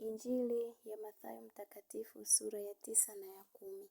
Injili ya Mathayo mtakatifu sura ya tisa na ya kumi.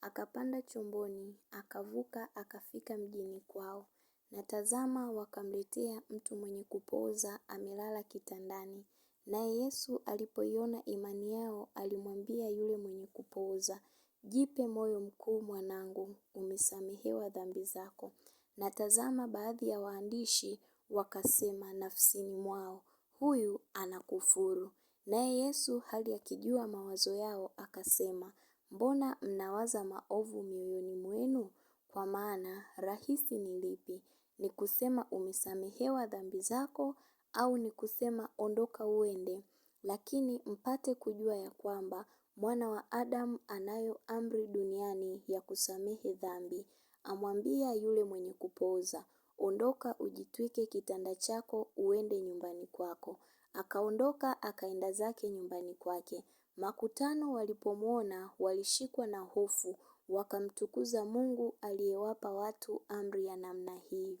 Akapanda chomboni, akavuka, akafika mjini kwao. Na tazama, wakamletea mtu mwenye kupooza amelala kitandani. Naye Yesu alipoiona imani yao, alimwambia yule mwenye kupooza, Jipe moyo mkuu, mwanangu, umesamehewa dhambi zako. Na tazama, baadhi ya waandishi wakasema nafsini mwao, Huyu anakufuru. Naye Yesu hali akijua mawazo yao, akasema, Mbona mnawaza maovu mioyoni mwenu? Kwa maana rahisi ni lipi? Ni kusema umesamehewa dhambi zako, au ni kusema ondoka uende? Lakini mpate kujua ya kwamba Mwana wa Adamu anayo amri duniani ya kusamehe dhambi. Amwambia yule mwenye kupooza, Ondoka, ujitwike kitanda chako, uende nyumbani kwako. Akaondoka akaenda zake nyumbani kwake. Makutano walipomwona walishikwa na hofu, wakamtukuza Mungu aliyewapa watu amri ya namna hii.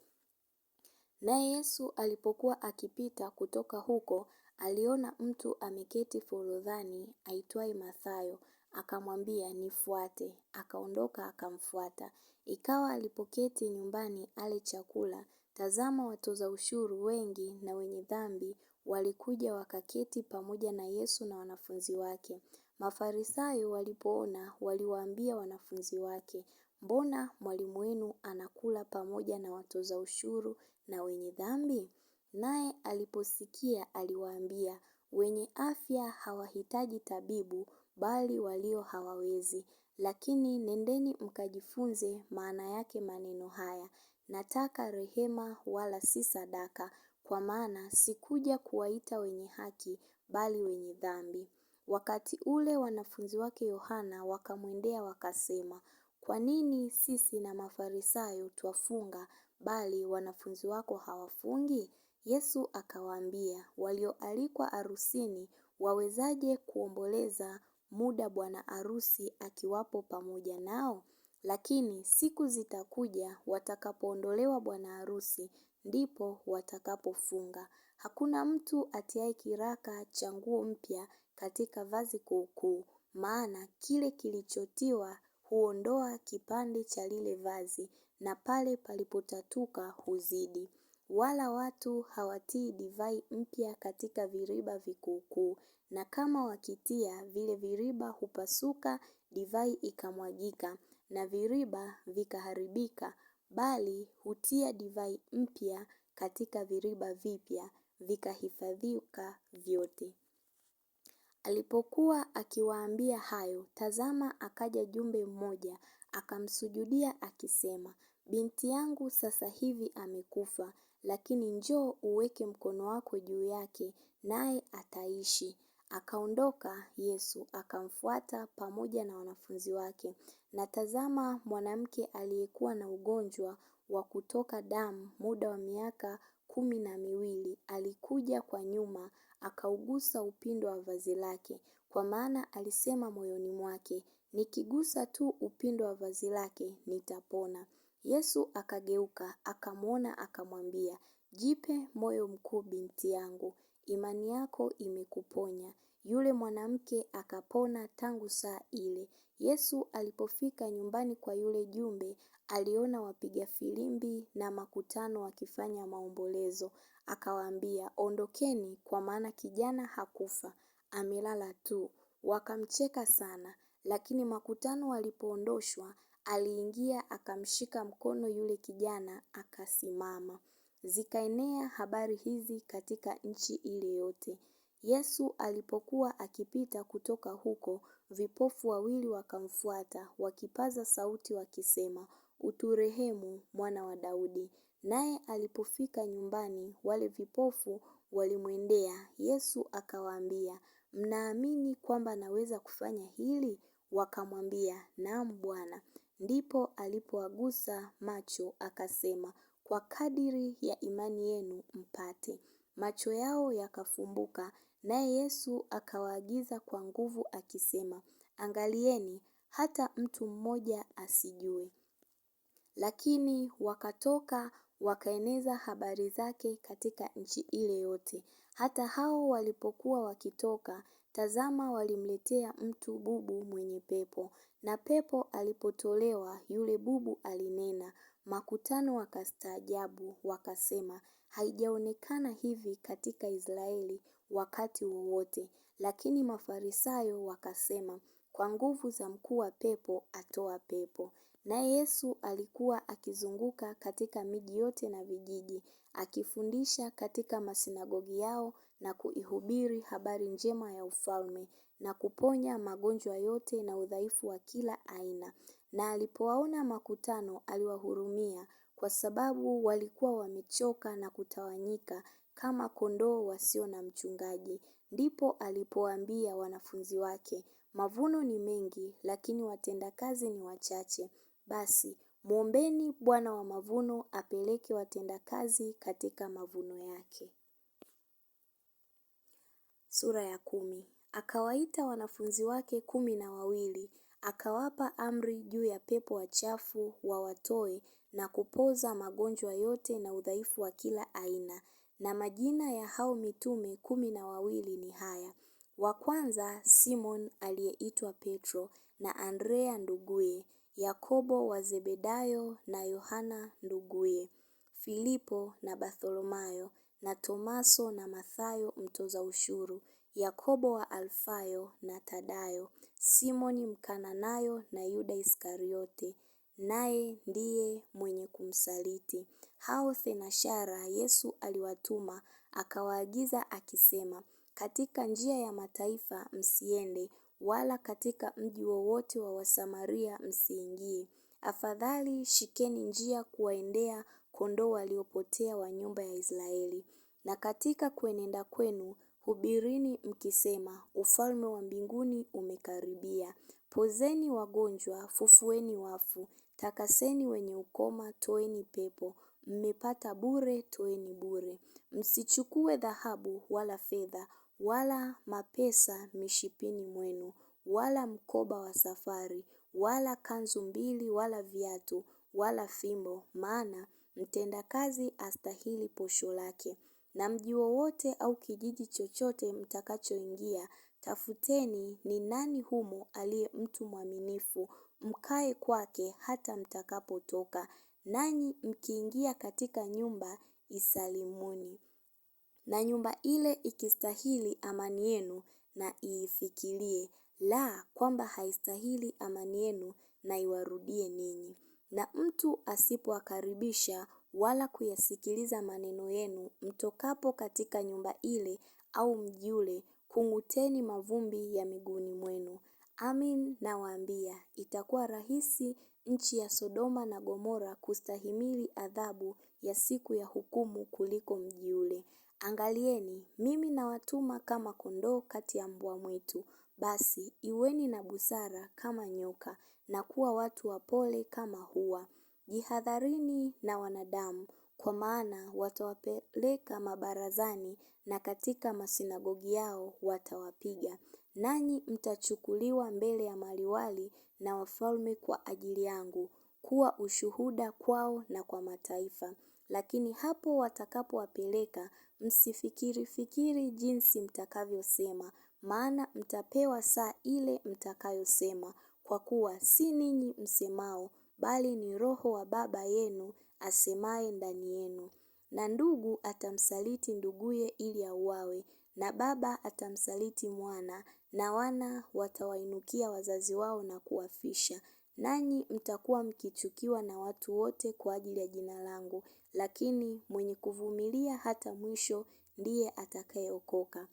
Naye Yesu alipokuwa akipita kutoka huko, aliona mtu ameketi forodhani aitwaye Mathayo, akamwambia, Nifuate. Akaondoka akamfuata. Ikawa alipoketi nyumbani ale chakula, tazama watoza ushuru wengi na wenye dhambi walikuja wakaketi pamoja na Yesu na wanafunzi wake. Mafarisayo walipoona, waliwaambia wanafunzi wake, mbona mwalimu wenu anakula pamoja na watoza ushuru na wenye dhambi? Naye aliposikia aliwaambia, wenye afya hawahitaji tabibu, bali walio hawawezi. Lakini nendeni mkajifunze maana yake maneno haya, nataka rehema wala si sadaka, kwa maana sikuja kuwaita wenye haki bali wenye dhambi. Wakati ule wanafunzi wake Yohana wakamwendea wakasema, Kwa nini sisi na Mafarisayo twafunga bali wanafunzi wako hawafungi? Yesu akawaambia, walioalikwa arusini wawezaje kuomboleza muda bwana arusi akiwapo pamoja nao? Lakini siku zitakuja watakapoondolewa bwana arusi, ndipo watakapofunga. Hakuna mtu atiaye kiraka cha nguo mpya katika vazi kuukuu, maana kile kilichotiwa huondoa kipande cha lile vazi, na pale palipotatuka huzidi. Wala watu hawatii divai mpya katika viriba vikuukuu, na kama wakitia, vile viriba hupasuka, divai ikamwagika, na viriba vikaharibika bali hutia divai mpya katika viriba vipya vikahifadhika vyote. Alipokuwa akiwaambia hayo, tazama akaja jumbe mmoja akamsujudia akisema, binti yangu sasa hivi amekufa, lakini njoo uweke mkono wako juu yake, naye ataishi. Akaondoka Yesu akamfuata pamoja na wanafunzi wake. Na tazama mwanamke aliyekuwa na ugonjwa wa kutoka damu muda wa miaka kumi na miwili alikuja kwa nyuma akaugusa upindo wa vazi lake, kwa maana alisema moyoni mwake, nikigusa tu upindo wa vazi lake nitapona. Yesu akageuka, akamwona, akamwambia, jipe moyo mkuu binti yangu, imani yako imekuponya. Yule mwanamke akapona tangu saa ile. Yesu alipofika nyumbani kwa yule jumbe, aliona wapiga filimbi na makutano wakifanya maombolezo. Akawaambia, ondokeni kwa maana kijana hakufa, amelala tu. Wakamcheka sana, lakini makutano walipoondoshwa, aliingia akamshika mkono yule kijana akasimama. Zikaenea habari hizi katika nchi ile yote. Yesu alipokuwa akipita kutoka huko, vipofu wawili wakamfuata, wakipaza sauti wakisema, Uturehemu, Mwana wa Daudi. Naye alipofika nyumbani, wale vipofu walimwendea. Yesu akawaambia, Mnaamini kwamba naweza kufanya hili? Wakamwambia, Naam Bwana. Ndipo alipowagusa macho akasema kwa kadiri ya imani yenu mpate. Macho yao yakafumbuka, naye Yesu akawaagiza kwa nguvu akisema, Angalieni hata mtu mmoja asijue. Lakini wakatoka wakaeneza habari zake katika nchi ile yote. Hata hao walipokuwa wakitoka, tazama, walimletea mtu bubu mwenye pepo, na pepo alipotolewa, yule bubu alinena. Makutano wakastaajabu wakasema, haijaonekana hivi katika Israeli wakati wowote. Lakini Mafarisayo wakasema, kwa nguvu za mkuu wa pepo atoa pepo. Naye Yesu alikuwa akizunguka katika miji yote na vijiji, akifundisha katika masinagogi yao na kuihubiri habari njema ya ufalme, na kuponya magonjwa yote na udhaifu wa kila aina na alipowaona makutano aliwahurumia kwa sababu walikuwa wamechoka na kutawanyika kama kondoo wasio na mchungaji. Ndipo alipoambia wanafunzi wake, mavuno ni mengi lakini watendakazi ni wachache. Basi mwombeni Bwana wa mavuno apeleke watendakazi katika mavuno yake. Sura ya kumi. Akawaita wanafunzi wake kumi na wawili akawapa amri juu ya pepo wachafu wawatoe na kupoza magonjwa yote na udhaifu wa kila aina. Na majina ya hao mitume kumi na wawili ni haya: wa kwanza Simon aliyeitwa Petro, na Andrea nduguye, Yakobo wa Zebedayo na Yohana nduguye, Filipo na Bartholomayo, na Tomaso na Mathayo mtoza ushuru, Yakobo wa Alfayo na tadayo Simoni Mkananayo na Yuda Iskariote, naye ndiye mwenye kumsaliti. Hao thenashara Yesu aliwatuma, akawaagiza akisema, Katika njia ya mataifa msiende, wala katika mji wowote wa Wasamaria msiingie. Afadhali shikeni njia kuwaendea kondoo waliopotea wa nyumba ya Israeli. Na katika kuenenda kwenu, Hubirini mkisema, ufalme wa mbinguni umekaribia. Pozeni wagonjwa, fufueni wafu, takaseni wenye ukoma, toeni pepo. Mmepata bure, toeni bure. Msichukue dhahabu wala fedha, wala mapesa mishipini mwenu, wala mkoba wa safari, wala kanzu mbili, wala viatu, wala fimbo, maana mtendakazi astahili posho lake na mji wowote au kijiji chochote mtakachoingia, tafuteni ni nani humo aliye mtu mwaminifu, mkae kwake hata mtakapotoka. Nanyi mkiingia katika nyumba isalimuni. Na nyumba ile ikistahili amani yenu na iifikirie, la kwamba haistahili amani yenu na iwarudie ninyi. Na mtu asipowakaribisha wala kuyasikiliza maneno yenu mtokapo katika nyumba ile au mji ule, kung'uteni mavumbi ya miguuni mwenu. Amin nawaambia, itakuwa rahisi nchi ya Sodoma na Gomora kustahimili adhabu ya siku ya hukumu kuliko mji ule. Angalieni, mimi nawatuma kama kondoo kati ya mbwa mwitu. Basi, iweni na busara kama nyoka na kuwa watu wapole kama hua. Jihadharini na wanadamu kwa maana watawapeleka mabarazani na katika masinagogi yao watawapiga. Nanyi mtachukuliwa mbele ya maliwali na wafalme kwa ajili yangu, kuwa ushuhuda kwao na kwa mataifa. Lakini hapo watakapowapeleka, msifikiri-fikiri jinsi mtakavyosema, maana mtapewa saa ile mtakayosema, kwa kuwa si ninyi msemao, bali ni Roho wa Baba yenu asemaye ndani yenu. Na ndugu atamsaliti nduguye ili auawe, na baba atamsaliti mwana, na wana watawainukia wazazi wao na kuwafisha. Nanyi mtakuwa mkichukiwa na watu wote kwa ajili ya jina langu, lakini mwenye kuvumilia hata mwisho ndiye atakayeokoka.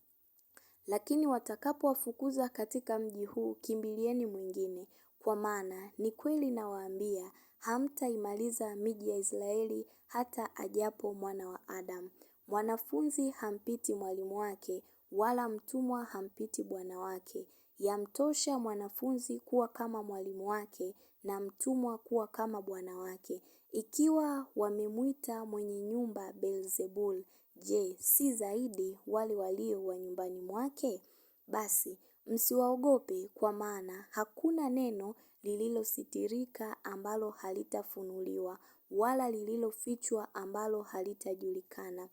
Lakini watakapowafukuza katika mji huu, kimbilieni mwingine. Kwa maana ni kweli nawaambia, hamtaimaliza miji ya Israeli hata ajapo mwana wa Adamu. Mwanafunzi hampiti mwalimu wake, wala mtumwa hampiti bwana wake. Yamtosha mwanafunzi kuwa kama mwalimu wake, na mtumwa kuwa kama bwana wake. Ikiwa wamemwita mwenye nyumba belzebul je, si zaidi wale walio wa nyumbani mwake? Basi Msiwaogope kwa maana hakuna neno lililositirika ambalo halitafunuliwa wala lililofichwa ambalo halitajulikana.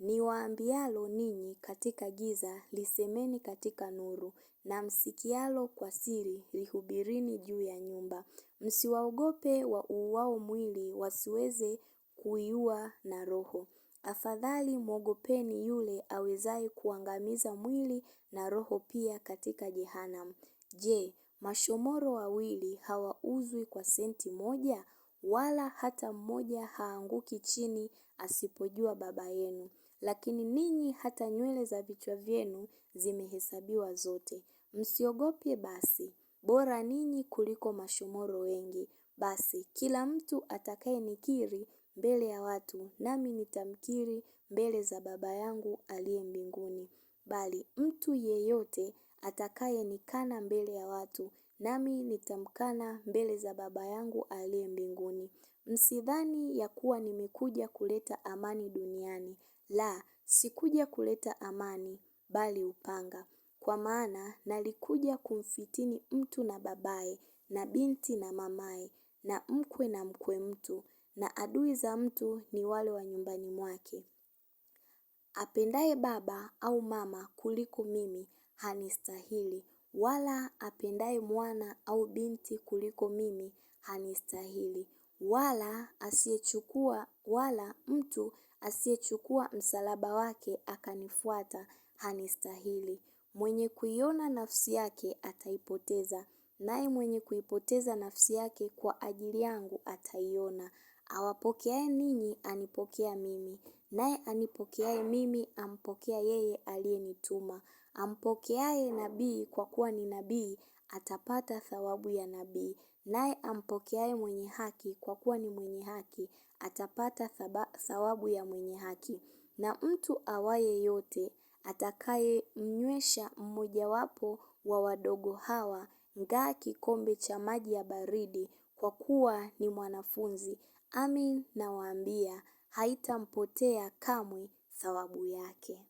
Niwaambialo ninyi katika giza lisemeni katika nuru na msikialo kwa siri lihubirini juu ya nyumba. Msiwaogope wauuao mwili wasiweze kuiua na roho. Afadhali mwogopeni yule awezaye kuangamiza mwili na roho pia katika jehanamu. Je, mashomoro wawili hawauzwi kwa senti moja? Wala hata mmoja haanguki chini asipojua Baba yenu. Lakini ninyi hata nywele za vichwa vyenu zimehesabiwa zote. Msiogope basi, bora ninyi kuliko mashomoro wengi. Basi, kila mtu atakayenikiri mbele ya watu, nami nitamkiri mbele za Baba yangu aliye mbinguni. Bali mtu yeyote atakayenikana mbele ya watu, nami nitamkana mbele za Baba yangu aliye mbinguni. Msidhani ya kuwa nimekuja kuleta amani duniani. La, sikuja kuleta amani, bali upanga. Kwa maana nalikuja kumfitini mtu na babaye, na binti na mamaye, na mkwe na mkwe mtu na adui za mtu ni wale wa nyumbani mwake. Apendaye baba au mama kuliko mimi hanistahili, wala apendaye mwana au binti kuliko mimi hanistahili, wala asiyechukua wala mtu asiyechukua msalaba wake akanifuata hanistahili. Mwenye kuiona nafsi yake ataipoteza, naye mwenye kuipoteza nafsi yake kwa ajili yangu ataiona. Awapokeaye ninyi anipokea mimi, naye anipokeaye mimi ampokea yeye aliyenituma. Ampokeaye nabii kwa kuwa ni nabii atapata thawabu ya nabii, naye ampokeaye mwenye haki kwa kuwa ni mwenye haki atapata thawabu ya mwenye haki. Na mtu awaye yote atakayemnywesha mmojawapo wa wadogo hawa, ngaa kikombe cha maji ya baridi, kwa kuwa ni mwanafunzi, Amin nawaambia, haitampotea kamwe thawabu yake.